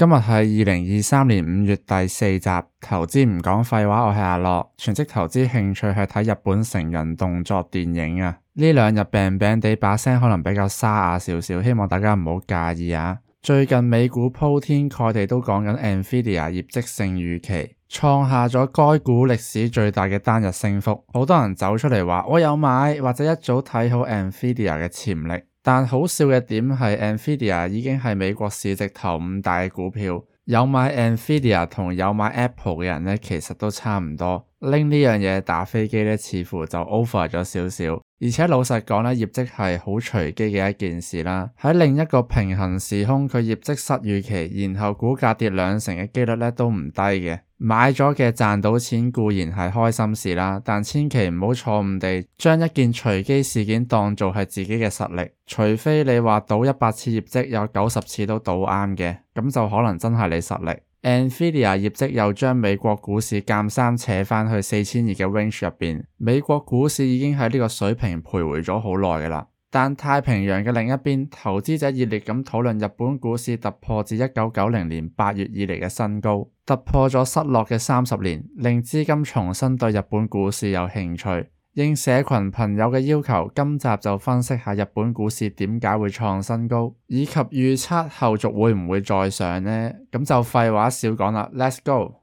今日係二零二三年五月第四集投資唔講廢話，我係阿樂，全職投資興趣係睇日本成人動作電影啊！呢兩日病病地，把聲可能比較沙啞少少，希望大家唔好介意啊！最近美股鋪天蓋地都講緊 NVIDIA 業績勝預期，創下咗該股歷史最大嘅單日升幅，好多人走出嚟話我有買，或者一早睇好 NVIDIA 嘅潛力。但好笑嘅點係，NVIDIA 已經係美國市值頭五大嘅股票，有買 NVIDIA 同有買 Apple 嘅人咧，其實都差唔多拎呢樣嘢打飛機咧，似乎就 over 咗少少。而且老實講咧，業績係好隨機嘅一件事啦。喺另一個平行時空，佢業績失預期，然後股價跌兩成嘅幾率咧都唔低嘅。買咗嘅賺到錢固然係開心事啦，但千祈唔好錯誤地將一件隨機事件當做係自己嘅實力，除非你話賭一百次業績有九十次都賭啱嘅，咁就可能真係你實力。Nvidia 業績又將美國股市劍三扯返去四千二嘅 range 入邊，美國股市已經喺呢個水平徘徊咗好耐㗎喇。但太平洋嘅另一邊，投資者熱烈咁討論日本股市突破至一九九零年八月以嚟嘅新高，突破咗失落嘅三十年，令資金重新對日本股市有興趣。應社群朋友嘅要求，今集就分析下日本股市點解會創新高，以及預測後續會唔會再上呢？咁就廢話少講啦，Let's go！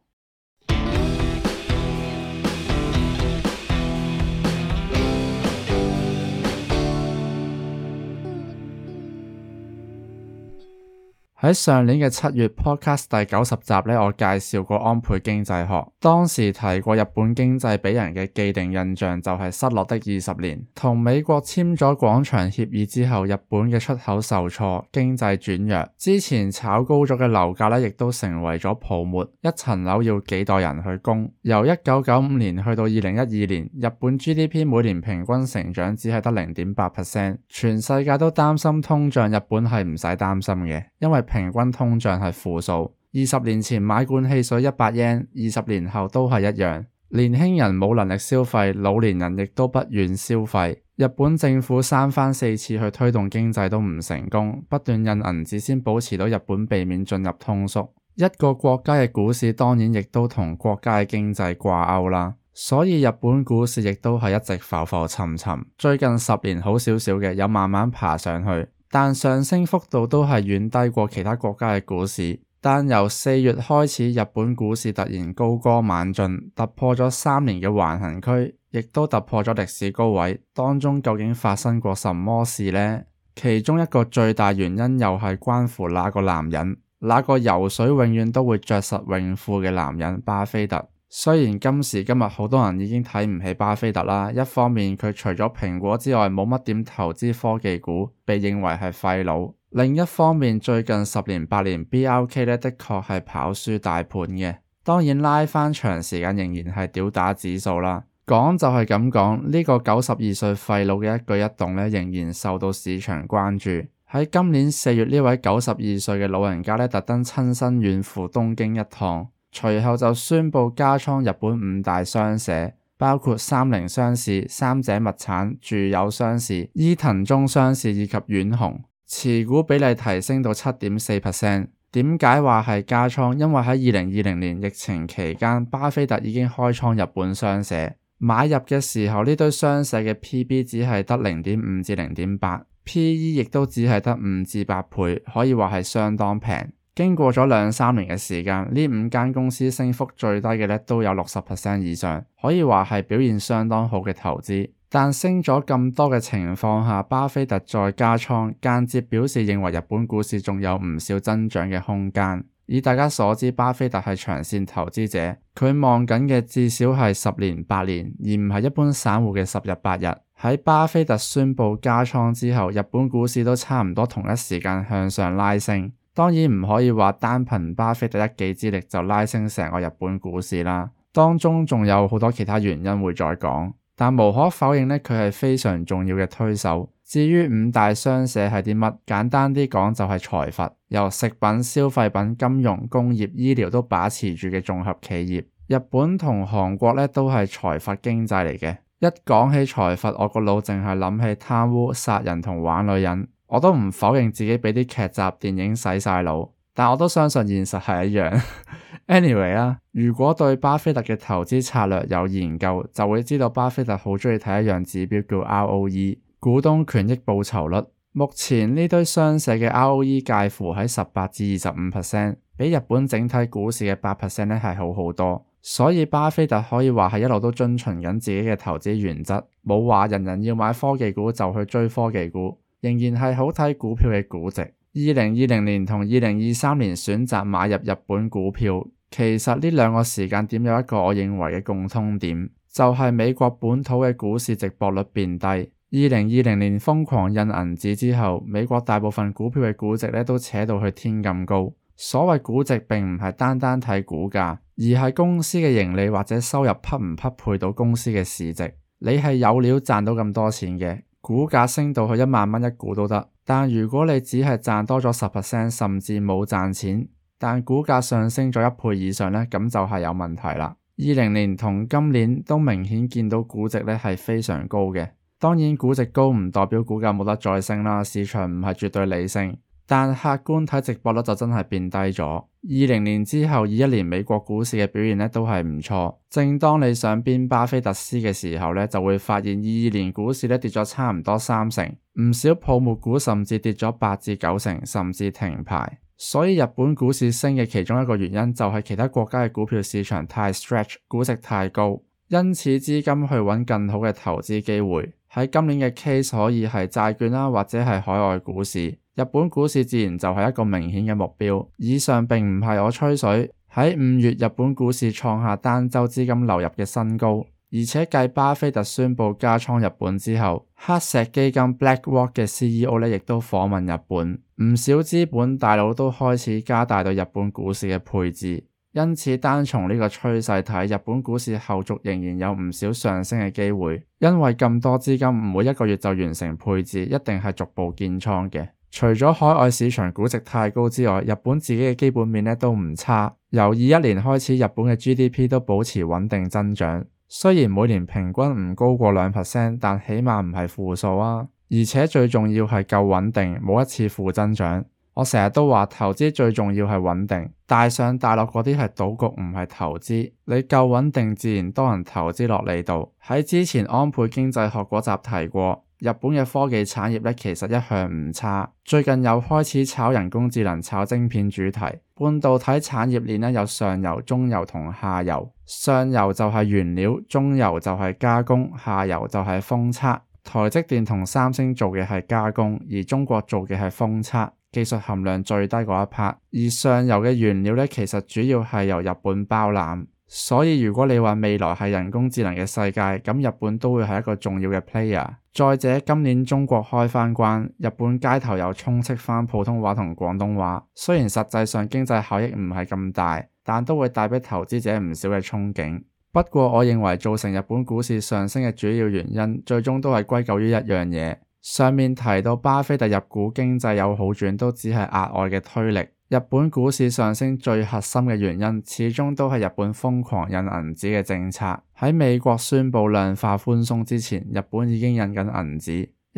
喺上年嘅七月 Podcast 第九十集咧，我介紹過安倍經濟學，當時提過日本經濟俾人嘅既定印象就係失落的二十年。同美國簽咗廣場協議之後，日本嘅出口受挫，經濟轉弱。之前炒高咗嘅樓價咧，亦都成為咗泡沫，一層樓要幾代人去供。由一九九五年去到二零一二年，日本 GDP 每年平均成長只係得零點八 percent。全世界都擔心通脹，日本係唔使擔心嘅，因為平均通脹係負數，二十年前買罐汽水一百 yen，二十年後都係一樣。年輕人冇能力消費，老年人亦都不願消費。日本政府三番四次去推動經濟都唔成功，不斷印銀紙先保持到日本避免進入通縮。一個國家嘅股市當然亦都同國家嘅經濟掛鈎啦，所以日本股市亦都係一直浮浮沉沉。最近十年好少少嘅，有慢慢爬上去。但上升幅度都係遠低過其他國家嘅股市。但由四月開始，日本股市突然高歌猛進，突破咗三年嘅橫行區，亦都突破咗歷史高位。當中究竟發生過什麼事呢？其中一個最大原因又係關乎那個男人，那個游水永遠都會着實泳褲嘅男人巴菲特。雖然今時今日好多人已經睇唔起巴菲特啦，一方面佢除咗蘋果之外冇乜點投資科技股，被認為係廢佬；另一方面，最近十年八年 BRK 咧的確係跑輸大盤嘅，當然拉翻長時間仍然係屌打指數啦。講就係咁講，呢個九十二歲廢佬嘅一舉一動咧仍然受到市場關注。喺今年四月，呢位九十二歲嘅老人家咧特登親身遠赴東京一趟。隨後就宣布加倉日本五大商社，包括三菱商社、三井物產、住友商社、伊藤忠商社以及丸紅，持股比例提升到七點四 percent。點解話係加倉？因為喺二零二零年疫情期間，巴菲特已經開倉日本商社，買入嘅時候呢堆商社嘅 P/B 只係得零點五至零點八，P/E 亦都只係得五至八倍，可以話係相當平。經過咗兩三年嘅時間，呢五間公司升幅最低嘅咧都有六十 percent 以上，可以話係表現相當好嘅投資。但升咗咁多嘅情況下，巴菲特再加倉，間接表示認為日本股市仲有唔少增長嘅空間。以大家所知，巴菲特係長線投資者，佢望緊嘅至少係十年、八年，而唔係一般散戶嘅十日、八日。喺巴菲特宣布加倉之後，日本股市都差唔多同一時間向上拉升。當然唔可以話單憑巴菲特一己之力就拉升成個日本股市啦，當中仲有好多其他原因會再講。但無可否認呢，佢係非常重要嘅推手。至於五大商社係啲乜？簡單啲講就係財閥，由食品、消費品、金融、工業、醫療都把持住嘅綜合企業。日本同韓國呢，都係財閥經濟嚟嘅。一講起財閥，我個腦淨係諗起貪污、殺人同玩女人。我都唔否認自己畀啲劇集、電影洗晒腦，但我都相信現實係一樣。 anyway 啦，如果對巴菲特嘅投資策略有研究，就會知道巴菲特好鍾意睇一樣指標叫 ROE，股東權益報酬率。目前呢堆商社嘅 ROE 介乎喺十八至二十五 percent，比日本整體股市嘅八 percent 咧，係好好多，所以巴菲特可以話係一路都遵循緊自己嘅投資原則，冇話人人要買科技股就去追科技股。仍然係好睇股票嘅估值。二零二零年同二零二三年選擇買入日本股票，其實呢兩個時間點有一個我認為嘅共通點，就係、是、美國本土嘅股市值博率變低。二零二零年瘋狂印銀紙之後，美國大部分股票嘅估值呢都扯到去天咁高。所謂估值並唔係單單睇股價，而係公司嘅盈利或者收入匹唔匹配到公司嘅市值。你係有料賺到咁多錢嘅。股價升到去一萬蚊一股都得，但如果你只係賺多咗十 percent，甚至冇賺錢，但股價上升咗一倍以上呢，咁就係有問題啦。二零年同今年都明顯見到估值呢係非常高嘅，當然估值高唔代表股價冇得再升啦，市場唔係絕對理性。但客觀睇直播率就真係變低咗。二零年之後，二一年美國股市嘅表現咧都係唔錯。正當你想變巴菲特斯嘅時候呢，就會發現二二年股市咧跌咗差唔多三成，唔少泡沫股甚至跌咗八至九成，甚至停牌。所以日本股市升嘅其中一個原因就係其他國家嘅股票市場太 stretch，估值太高，因此資金去揾更好嘅投資機會。喺今年嘅 case 可以係債券啦，或者係海外股市。日本股市自然就係一個明顯嘅目標。以上並唔係我吹水。喺五月，日本股市創下單周資金流入嘅新高，而且繼巴菲特宣布加倉日本之後，黑石基金 BlackRock 嘅 CEO 咧亦都訪問日本，唔少資本大佬都開始加大對日本股市嘅配置。因此，單從呢個趨勢睇，日本股市後續仍然有唔少上升嘅機會。因為咁多資金唔會一個月就完成配置，一定係逐步建倉嘅。除咗海外市場估值太高之外，日本自己嘅基本面呢都唔差。由二一年開始，日本嘅 GDP 都保持穩定增長，雖然每年平均唔高過兩%，但起碼唔係負數啊。而且最重要係夠穩定，冇一次負增長。我成日都話投資最重要係穩定，大上大落嗰啲係賭局，唔係投資。你夠穩定，自然多人投資落你度。喺之前安倍經濟學嗰集提過，日本嘅科技產業咧其實一向唔差，最近又開始炒人工智能、炒晶片主題。半導體產業鏈咧有上游、中游同下游，上游就係原料，中游就係加工，下游就係封測。台積電同三星做嘅係加工，而中國做嘅係封測。技術含量最低嗰一 part，而上游嘅原料咧，其實主要係由日本包攬，所以如果你話未來係人工智能嘅世界，咁日本都會係一個重要嘅 player。再者，今年中國開翻關，日本街頭又充斥翻普通話同廣東話，雖然實際上經濟效益唔係咁大，但都會帶畀投資者唔少嘅憧憬。不過我認為造成日本股市上升嘅主要原因，最終都係歸咎於一樣嘢。上面提到巴菲特入股，經濟有好轉，都只係額外嘅推力。日本股市上升最核心嘅原因，始終都係日本瘋狂印銀紙嘅政策。喺美國宣佈量化寬鬆之前，日本已經印緊銀紙。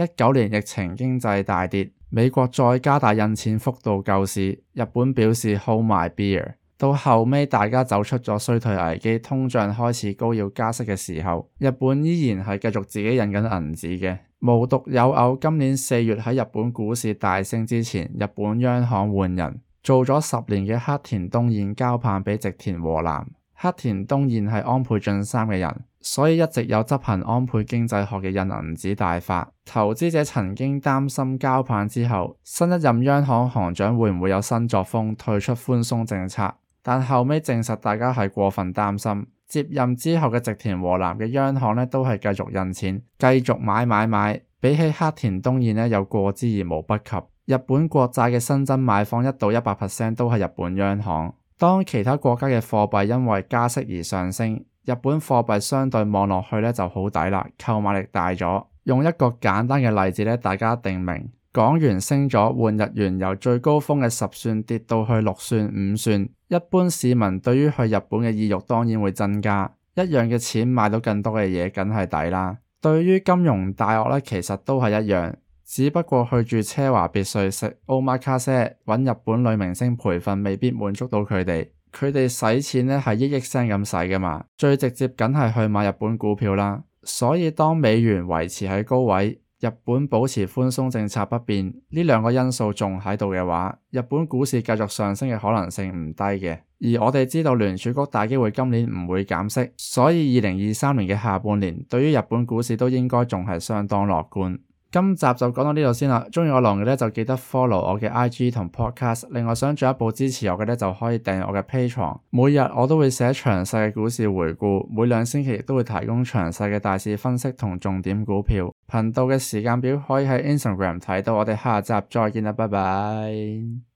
一九年疫情經濟大跌，美國再加大印錢幅度救市，日本表示 hold my beer。到後尾大家走出咗衰退危機，通脹開始高，要加息嘅時候，日本依然係繼續自己印緊銀紙嘅。無獨有偶，今年四月喺日本股市大升之前，日本央行換人，做咗十年嘅黑田東彥交棒畀植田和男。黑田東彥係安倍晉三嘅人，所以一直有執行安倍經濟學嘅印銀紙大法。投資者曾經擔心交棒之後，新一任央行行長會唔會有新作風，退出寬鬆政策，但後尾證實大家係過分擔心。接任之後嘅植田和男嘅央行咧，都係繼續印錢，繼續買買買。比起黑田東彥咧，有過之而無不及。日本國債嘅新增買方一度一百 percent 都係日本央行。當其他國家嘅貨幣因為加息而上升，日本貨幣相對望落去就好抵啦，購買力大咗。用一個簡單嘅例子咧，大家一定明，港元升咗，換日元由最高峰嘅十算跌到去六算、五算。一般市民對於去日本嘅意欲當然會增加，一樣嘅錢買到更多嘅嘢，梗係抵啦。對於金融大鱷咧，其實都係一樣，只不過去住奢華別墅、食奧馬卡些、搵日本女明星陪瞓，未必滿足到佢哋。佢哋使錢咧係億億聲咁使㗎嘛，最直接梗係去買日本股票啦。所以當美元維持喺高位，日本保持寬鬆政策不變，呢兩個因素仲喺度嘅話，日本股市繼續上升嘅可能性唔低嘅。而我哋知道聯儲局大機會今年唔會減息，所以二零二三年嘅下半年，對於日本股市都應該仲係相當樂觀。今集就講到呢度先啦，中意我龍嘅呢，就記得 follow 我嘅 IG 同 podcast，另外想進一步支持我嘅呢，就可以訂閱我嘅 Patreon。每日我都會寫詳細嘅股市回顧，每兩星期都會提供詳細嘅大市分析同重點股票。頻道嘅時間表可以喺 Instagram 睇到。我哋下集再見啦，拜拜。